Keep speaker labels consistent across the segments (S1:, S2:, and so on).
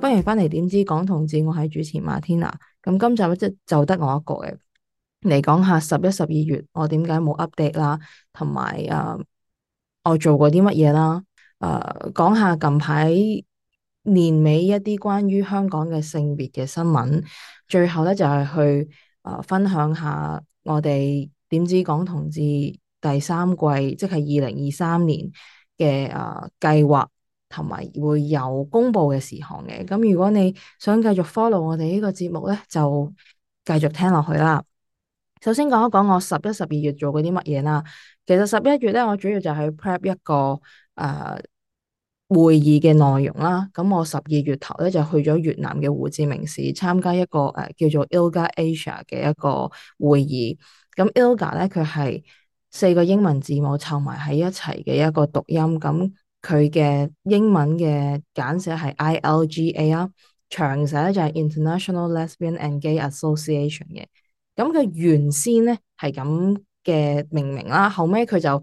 S1: 歡迎翻嚟，點知港同志，我係主持馬天娜。咁今集即就得我一個嘅，嚟講下十一、十二月我點解冇 update 啦，同埋誒我做過啲乜嘢啦。誒、呃，講下近排，年尾一啲關於香港嘅性別嘅新聞，最後咧就係、是、去誒、呃、分享下我哋點知港同志第三季，即係二零二三年嘅誒計劃，同、呃、埋會有公布嘅事項嘅。咁如果你想繼續 follow 我哋呢個節目咧，就繼續聽落去啦。首先講一講我十一、十二月做過啲乜嘢啦。其實十一月咧，我主要就係 prep 一個誒。呃會議嘅內容啦，咁我十二月頭咧就去咗越南嘅胡志明市參加一個誒、呃、叫做 ILGA Asia 嘅一個會議。咁 ILGA 咧，佢係四個英文字母湊埋喺一齊嘅一個讀音，咁佢嘅英文嘅簡寫係 ILGA 啊，長寫咧就係 International Lesbian and Gay Association 嘅。咁佢原先咧係咁嘅命名啦，後尾佢就，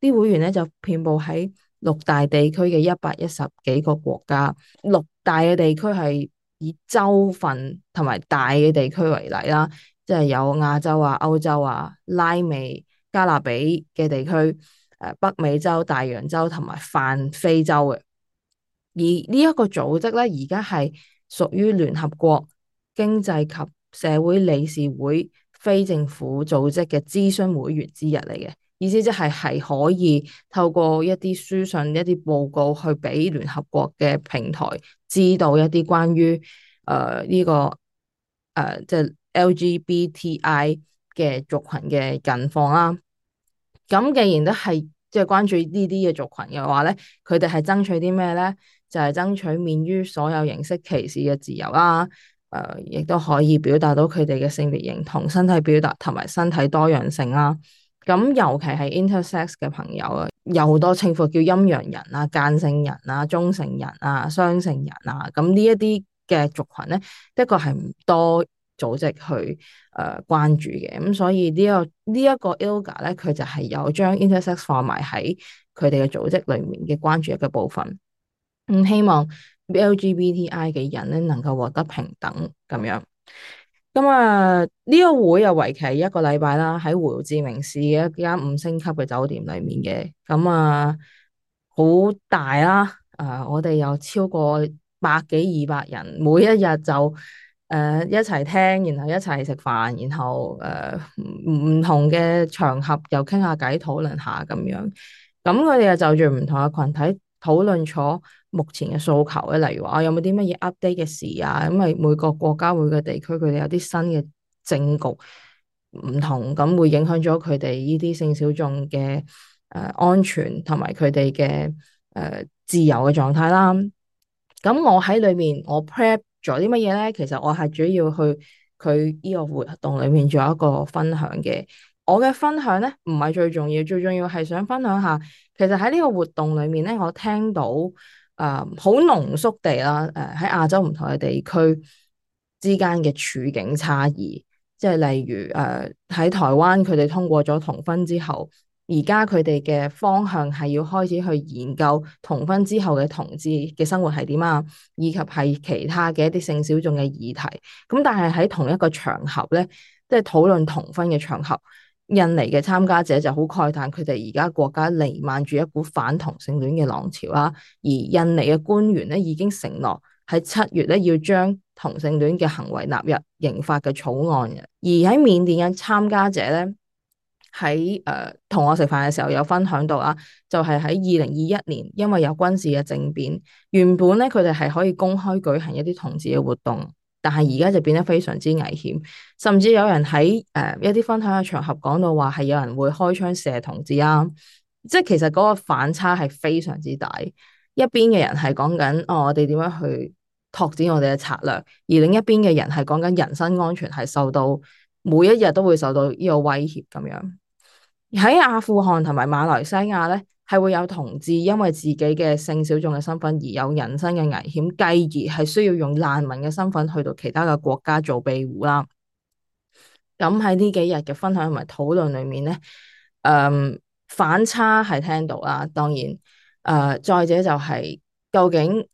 S1: 啲會員咧就遍佈喺六大地區嘅一百一十幾個國家。六大嘅地區係以州份同埋大嘅地區為例啦，即係有亞洲啊、歐洲啊、拉美、加勒比嘅地區、誒北美洲、大洋洲同埋泛非洲嘅。而呢一個組織咧，而家係屬於聯合國經濟及社會理事會非政府組織嘅諮詢會員之一嚟嘅。意思即係係可以透過一啲書信、一啲報告去畀聯合國嘅平台知道一啲關於誒呢、呃這個誒即、呃、係、就是、LGBTI 嘅族群嘅近況啦。咁、嗯、既然都係即係關注呢啲嘅族群嘅話咧，佢哋係爭取啲咩咧？就係、是、爭取免於所有形式歧視嘅自由啦。誒、呃，亦都可以表達到佢哋嘅性別認同、身體表達同埋身體多樣性啦。咁尤其係 intersex 嘅朋友啊，有好多稱呼叫陰陽人啦、間性人啦、中性人啦、雙性人啦。咁呢一啲嘅族群咧，的確係唔多組織去誒關注嘅。咁所以呢個呢一個 ILGA 咧，佢就係有將 intersex 放埋喺佢哋嘅組織裡面嘅關注嘅部分。嗯，希望 LGBTI 嘅人咧能夠獲得平等咁樣。咁啊，呢個會又為期一個禮拜啦，喺胡志明市一家五星級嘅酒店裡面嘅，咁啊好大啦，啊、呃、我哋有超過百幾二百人，每一日就誒、呃、一齊聽，然後一齊食飯，然後誒唔、呃、同嘅場合又傾下偈，討論下咁樣，咁佢哋又就住唔同嘅群體。討論咗目前嘅訴求咧，例如話、啊、有冇啲乜嘢 update 嘅事啊？因為每個國家、每個地區，佢哋有啲新嘅政局唔同，咁會影響咗佢哋呢啲性小眾嘅誒、呃、安全同埋佢哋嘅誒自由嘅狀態啦。咁我喺裏面我 prep 咗啲乜嘢咧？其實我係主要去佢呢個活動裏面做一個分享嘅。我嘅分享咧唔係最重要，最重要係想分享下其實喺呢個活動裏面咧，我聽到誒好、呃、濃縮地啦誒喺亞洲唔同嘅地區之間嘅處境差異，即係例如誒喺、呃、台灣佢哋通過咗同婚之後，而家佢哋嘅方向係要開始去研究同婚之後嘅同志嘅生活係點啊，以及係其他嘅一啲性小眾嘅議題。咁但係喺同一個場合咧，即係討論同婚嘅場合。印尼嘅參加者就好慨嘆，佢哋而家國家瀰漫住一股反同性戀嘅浪潮啊。而印尼嘅官員呢，已經承諾喺七月呢要將同性戀嘅行為納入刑法嘅草案嘅，而喺緬甸嘅參加者呢，喺誒同我食飯嘅時候有分享到啊，就係喺二零二一年因為有軍事嘅政變，原本呢佢哋係可以公開舉行一啲同志嘅活動。但係而家就變得非常之危險，甚至有人喺誒、呃、一啲分享嘅場合講到話係有人會開槍射同志啊，即係其實嗰個反差係非常之大。一邊嘅人係講緊哦，我哋點樣去拓展我哋嘅策略，而另一邊嘅人係講緊人身安全係受到每一日都會受到呢個威脅咁樣，喺阿富汗同埋馬來西亞咧。係會有同志因為自己嘅性小眾嘅身份而有人身嘅危險，繼而係需要用難民嘅身份去到其他嘅國家做庇護啦。咁喺呢幾日嘅分享同埋討論裏面咧，誒、嗯、反差係聽到啦。當然，誒、呃、再者就係、是、究竟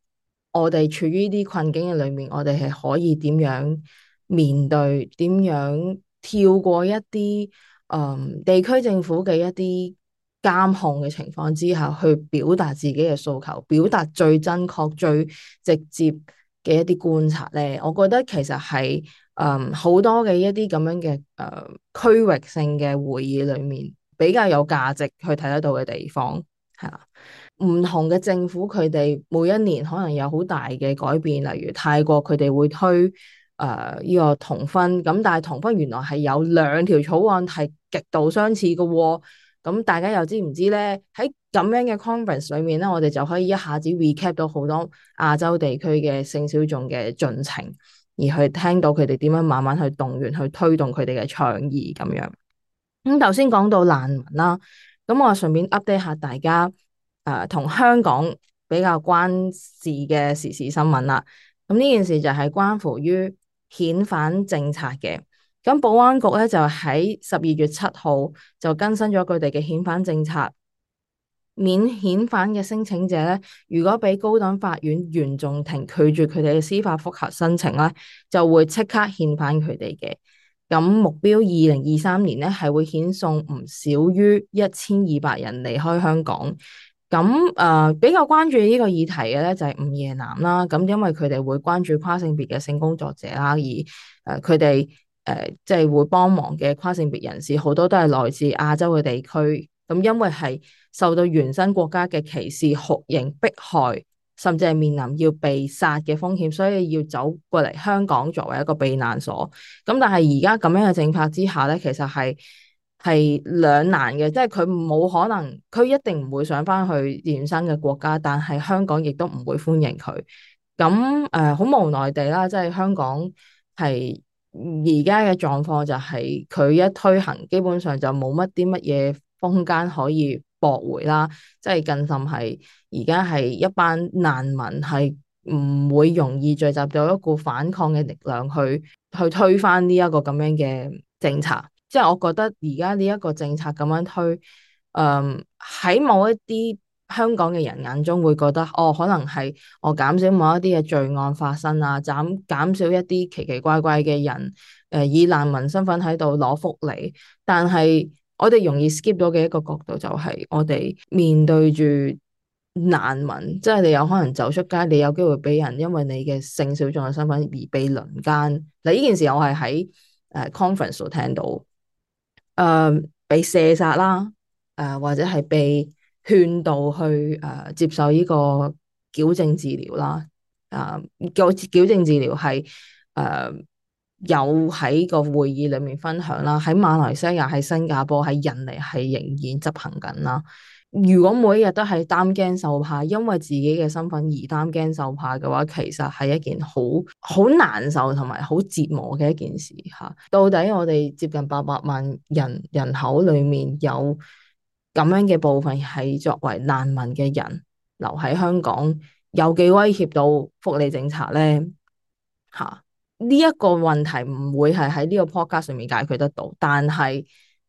S1: 我哋處於呢啲困境嘅裏面，我哋係可以點樣面對？點樣跳過一啲誒、嗯、地區政府嘅一啲監控嘅情況之下，去表達自己嘅訴求，表達最真確、最直接嘅一啲觀察咧。我覺得其實係誒好多嘅一啲咁樣嘅誒、呃、區域性嘅會議裡面，比較有價值去睇得到嘅地方係啦。唔同嘅政府佢哋每一年可能有好大嘅改變，例如泰國佢哋會推誒呢、呃這個同婚，咁但係同婚原來係有兩條草案係極度相似嘅喎、哦。咁大家又知唔知呢？喺咁樣嘅 conference 裏面呢，我哋就可以一下子 recap 到好多亞洲地區嘅性小眾嘅進程，而去聽到佢哋點樣慢慢去動員，去推動佢哋嘅倡議咁樣。咁頭先講到難民啦，咁、嗯、我順便 update 下大家，誒、呃、同香港比較關事嘅時事新聞啦。咁、嗯、呢件事就係關乎於遣返政策嘅。咁保安局咧就喺十二月七號就更新咗佢哋嘅遣返政策，免遣返嘅申請者咧，如果俾高等法院原訟庭拒絕佢哋嘅司法覆核申請咧，就會即刻遣返佢哋嘅。咁目標二零二三年咧係會遣送唔少於一千二百人離開香港。咁、呃、比較關注呢個議題嘅咧就係午夜藍啦。咁因為佢哋會關注跨性別嘅性工作者啦，而佢哋。呃誒，即係、呃就是、會幫忙嘅跨性別人士，好多都係來自亞洲嘅地區。咁因為係受到原生國家嘅歧視、酷刑、迫害，甚至係面臨要被殺嘅風險，所以要走過嚟香港作為一個避難所。咁但係而家咁樣嘅政策之下咧，其實係係兩難嘅，即係佢冇可能，佢一定唔會想翻去原生嘅國家，但係香港亦都唔會歡迎佢。咁誒，好、呃、無奈地啦，即、就、係、是、香港係。而家嘅狀況就係，佢一推行，基本上就冇乜啲乜嘢空間可以駁回啦，即係更甚係，而家係一班難民係唔會容易聚集到一個反抗嘅力量去去推翻呢一個咁樣嘅政策，即係我覺得而家呢一個政策咁樣推，嗯，喺某一啲。香港嘅人眼中會覺得，哦，可能係我減少某一啲嘅罪案發生啊，減少一啲奇奇怪怪嘅人，誒、呃、以難民身份喺度攞福利。但係我哋容易 skip 咗嘅一個角度就係，我哋面對住難民，即、就、係、是、你有可能走出街，你有機會俾人因為你嘅性小眾嘅身份而被輪奸。嗱、呃，呢件事我係喺誒 conference 聽到，誒、呃、被射殺啦，誒、呃、或者係被勸導去誒、呃、接受呢個矯正治療啦，誒、呃、個矯正治療係誒、呃、有喺個會議裡面分享啦，喺馬來西亞、喺新加坡、喺印尼係仍然執行緊啦。如果每日都係擔驚受怕，因為自己嘅身份而擔驚受怕嘅話，其實係一件好好難受同埋好折磨嘅一件事嚇、啊。到底我哋接近八百萬人人口裡面有？咁樣嘅部分係作為難民嘅人留喺香港，有幾威脅到福利政策咧？嚇，呢、這、一個問題唔會係喺呢個 podcast 上面解決得到，但係誒、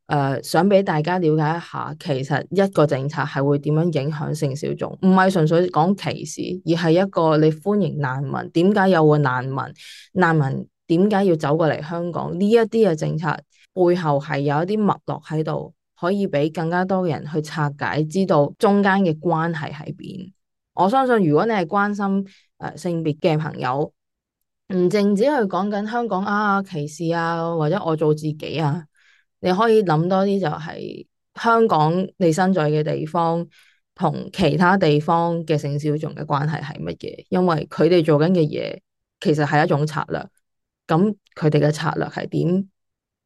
S1: 呃、想俾大家了解一下，其實一個政策係會點樣影響性小眾，唔係純粹講歧視，而係一個你歡迎難民，點解有個難民？難民點解要走過嚟香港？呢一啲嘅政策背後係有一啲脈絡喺度。可以俾更加多嘅人去拆解，知道中間嘅關係喺邊。我相信如果你係關心誒性別嘅朋友，唔淨止去講緊香港啊歧視啊，或者我做自己啊，你可以諗多啲就係、是、香港你身在嘅地方同其他地方嘅性小眾嘅關係係乜嘢？因為佢哋做緊嘅嘢其實係一種策略，咁佢哋嘅策略係點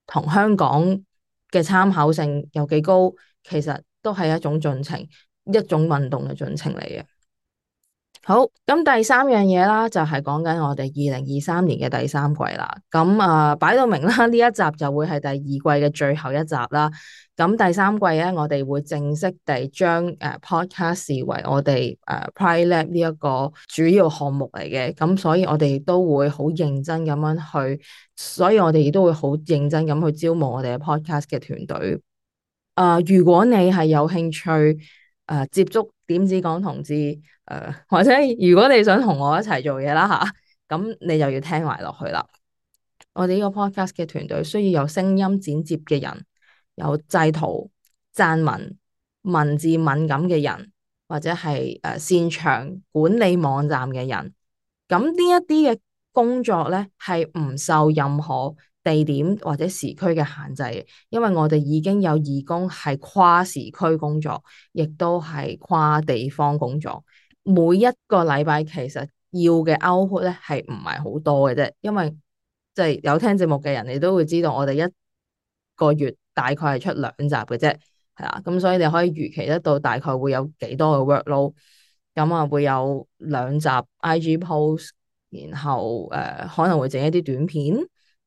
S1: 同香港？嘅參考性有幾高，其實都係一種進程，一種運動嘅進程嚟嘅。好，咁第三樣嘢啦，就係講緊我哋二零二三年嘅第三季啦。咁、嗯、啊，擺到明啦，呢一集就會係第二季嘅最後一集啦。咁、嗯、第三季咧，我哋會正式地將誒、uh, podcast 視為我哋誒、uh, Pride Lab 呢一個主要項目嚟嘅。咁、嗯、所以我哋都會好認真咁樣去，所以我哋亦都會好認真咁去招募我哋嘅 podcast 嘅團隊。啊、uh,，如果你係有興趣誒、uh, 接觸。點止講同志？誒、呃，或者如果你想同我一齊做嘢啦嚇，咁、啊、你就要聽埋落去啦。我哋呢個 podcast 嘅團隊需要有聲音剪接嘅人，有製圖、撰文、文字敏感嘅人，或者係誒、呃、擅長管理網站嘅人。咁呢一啲嘅工作咧，係唔受任何地點或者時區嘅限制，因為我哋已經有義工係跨時區工作，亦都係跨地方工作。每一個禮拜其實要嘅 output 咧，係唔係好多嘅啫，因為即係有聽節目嘅人，你都會知道我哋一個月大概係出兩集嘅啫，係啦。咁所以你可以預期得到大概會有幾多嘅 work load，咁、嗯、啊會有兩集 IG post，然後誒、呃、可能會整一啲短片。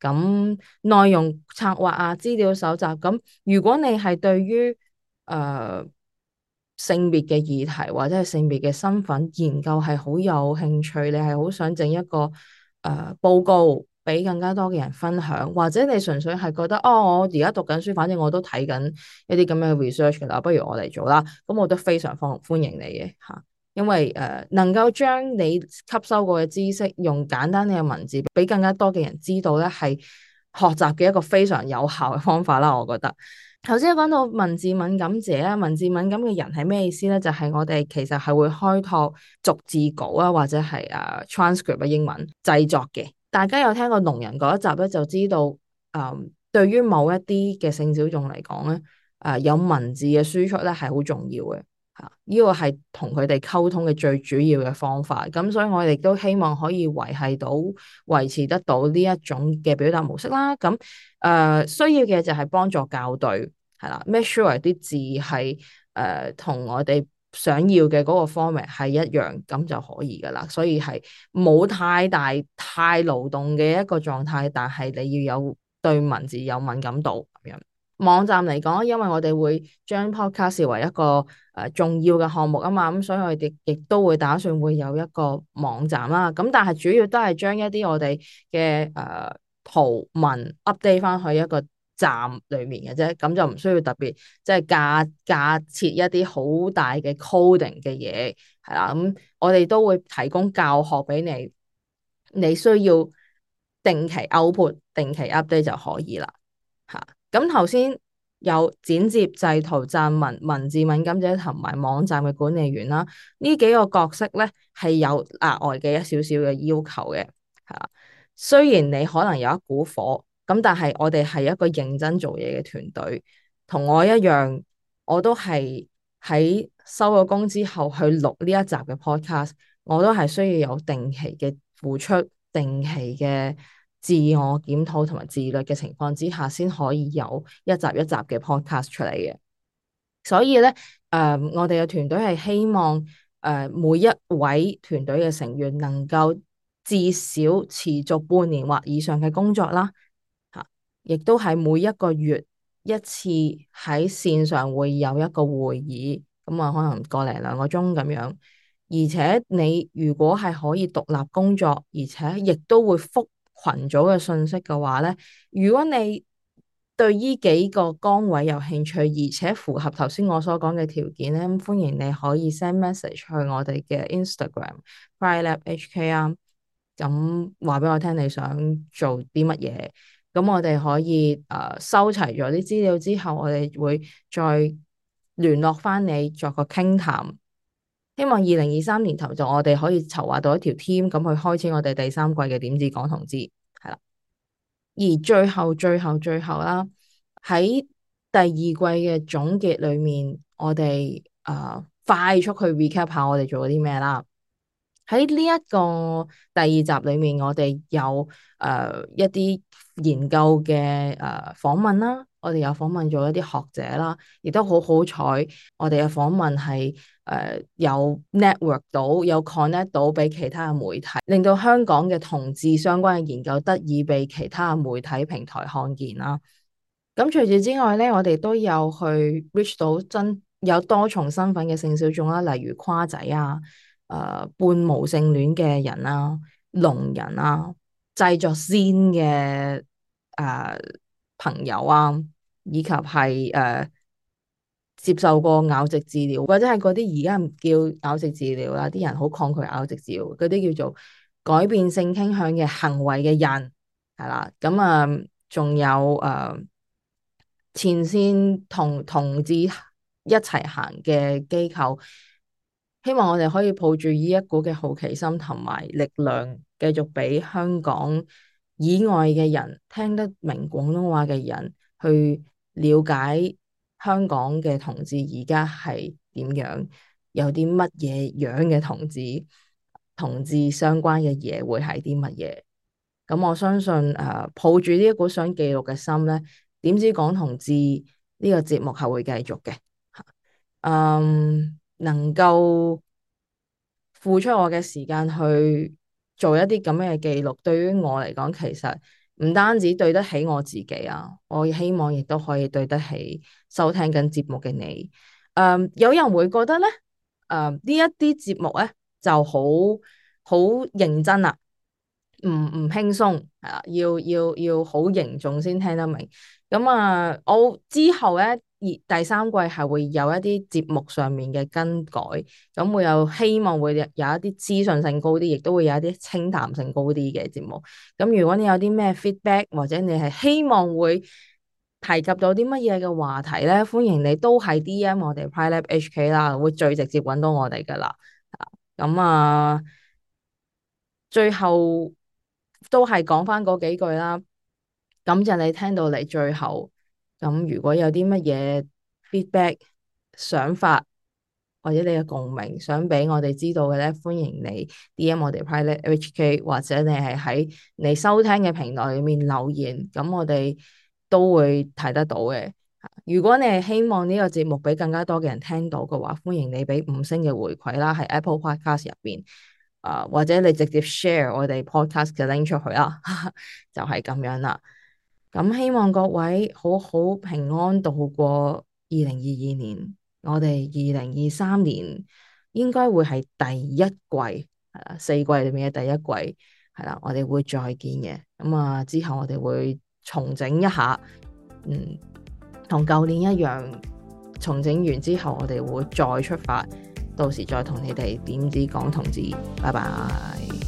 S1: 咁內容策劃啊，資料搜集咁。如果你係對於誒、呃、性別嘅議題或者係性別嘅身份研究係好有興趣，你係好想整一個誒、呃、報告俾更加多嘅人分享，或者你純粹係覺得哦，我而家讀緊書，反正我都睇緊一啲咁樣 research 嘅啦，不如我嚟做啦。咁我都非常歡歡迎你嘅吓。啊因為誒、呃，能夠將你吸收過嘅知識用簡單嘅文字，俾更加多嘅人知道咧，係學習嘅一個非常有效嘅方法啦。我覺得頭先講到文字敏感者啊，文字敏感嘅人係咩意思咧？就係、是、我哋其實係會開拓逐字稿啊，或者係啊、呃、transcript 啊英文製作嘅。大家有聽過聾人嗰一集咧，就知道誒、呃，對於某一啲嘅性小眾嚟講咧，誒、呃、有文字嘅輸出咧係好重要嘅。呢個係同佢哋溝通嘅最主要嘅方法，咁所以我哋都希望可以維係到、維持得到呢一種嘅表達模式啦。咁誒、呃、需要嘅就係幫助校對，係啦 make sure 啲字係誒同我哋想要嘅嗰個 format 係一樣，咁就可以噶啦。所以係冇太大太勞動嘅一個狀態，但係你要有對文字有敏感度。網站嚟講，因為我哋會將 podcast 視為一個誒、呃、重要嘅項目啊嘛，咁、嗯、所以我哋亦都會打算會有一個網站啦。咁但係主要都係將一啲我哋嘅誒圖文 update 翻去一個站裡面嘅啫，咁就唔需要特別即係架架設一啲好大嘅 coding 嘅嘢係啦。咁、嗯、我哋都會提供教學俾你，你需要定期 upload、定期 update 就可以啦，嚇、啊。咁頭先有剪接、製圖、撰文、文字敏感者同埋網站嘅管理員啦，呢幾個角色咧係有額外嘅一少少嘅要求嘅，係啦。雖然你可能有一股火，咁但係我哋係一個認真做嘢嘅團隊，同我一樣，我都係喺收咗工之後去錄呢一集嘅 podcast，我都係需要有定期嘅付出、定期嘅。自我檢討同埋自律嘅情況之下，先可以有一集一集嘅 podcast 出嚟嘅。所以呢，誒、呃，我哋嘅團隊係希望誒、呃、每一位團隊嘅成員能夠至少持續半年或以上嘅工作啦，嚇、啊，亦都係每一個月一次喺線上會有一個會議，咁啊，可能個零兩個鐘咁樣。而且你如果係可以獨立工作，而且亦都會覆群組嘅信息嘅話咧，如果你對呢幾個崗位有興趣，而且符合頭先我所講嘅條件咧，咁歡迎你可以 send message 去我哋嘅 Instagram，pridelabhk 啊。咁話俾我聽你想做啲乜嘢，咁我哋可以誒收齊咗啲資料之後，我哋會再聯絡返你作個傾談。希望二零二三年頭就我哋可以籌劃到一條 team 咁去開始我哋第三季嘅點子講同志。係啦，而最後最後最後啦喺第二季嘅總結裏面，我哋誒、呃、快速去 recap 下我哋做咗啲咩啦。喺呢一個第二集裏面，我哋有誒、呃、一啲研究嘅誒、呃、訪問啦。我哋有訪問咗一啲學者啦，亦都好好彩。我哋嘅訪問係誒、呃、有 network 到，有 connect 到俾其他嘅媒體，令到香港嘅同志相關嘅研究得以被其他嘅媒體平台看見啦。咁除此之外咧，我哋都有去 reach 到真有多重身份嘅性小眾啦，例如跨仔啊、誒、呃、半無性戀嘅人啦、啊、聾人啦、啊、製作先嘅誒。呃朋友啊，以及係誒、呃、接受過拗直治療，或者係嗰啲而家唔叫拗直治療啦，啲人好抗拒拗直治療嗰啲叫做改變性傾向嘅行為嘅人，係啦，咁、嗯、啊，仲有誒、呃、前線同同志一齊行嘅機構，希望我哋可以抱住呢一股嘅好奇心同埋力量，繼續俾香港以外嘅人聽得明廣東話嘅人，去了解香港嘅同志而家係點樣，有啲乜嘢樣嘅同志，同志相關嘅嘢會係啲乜嘢？咁我相信誒、啊，抱住呢一股想記錄嘅心咧，點知講同志呢個節目係會繼續嘅。嗯，能夠付出我嘅時間去。做一啲咁嘅記錄，對於我嚟講，其實唔單止對得起我自己啊，我希望亦都可以對得起收聽緊節目嘅你。嗯，有人會覺得咧，誒、嗯、呢一啲節目咧就好好認真啦、啊，唔唔輕鬆，係、啊、要要要好凝重先聽得明。咁、嗯、啊，我之後咧。而第三季係會有一啲節目上面嘅更改，咁會有希望會有一啲資訊性高啲，亦都會有一啲清談性高啲嘅節目。咁如果你有啲咩 feedback，或者你係希望會提及到啲乜嘢嘅話題咧，歡迎你都係 DM 我哋 PrideLab HK 啦，會最直接搵到我哋噶啦。啊，咁啊，最後都係講翻嗰幾句啦，感謝就你聽到你最後。咁如果有啲乜嘢 feedback、想法或者你嘅共鳴，想俾我哋知道嘅咧，歡迎你 DM 我哋 PrideLab HK，或者你係喺你收聽嘅平台裏面留言，咁我哋都會睇得到嘅。如果你係希望呢個節目俾更加多嘅人聽到嘅話，歡迎你俾五星嘅回饋啦，喺 Apple Podcast 入邊啊，或者你直接 share 我哋 podcast 嘅 link 出去啦， 就係咁樣啦。咁希望各位好好平安度過二零二二年，我哋二零二三年應該會係第一季，係啦，四季裏面嘅第一季，係啦，我哋會再見嘅，咁、嗯、啊之後我哋會重整一下，嗯，同舊年一樣，重整完之後我哋會再出發，到時再跟你們同你哋點止講同志，拜拜。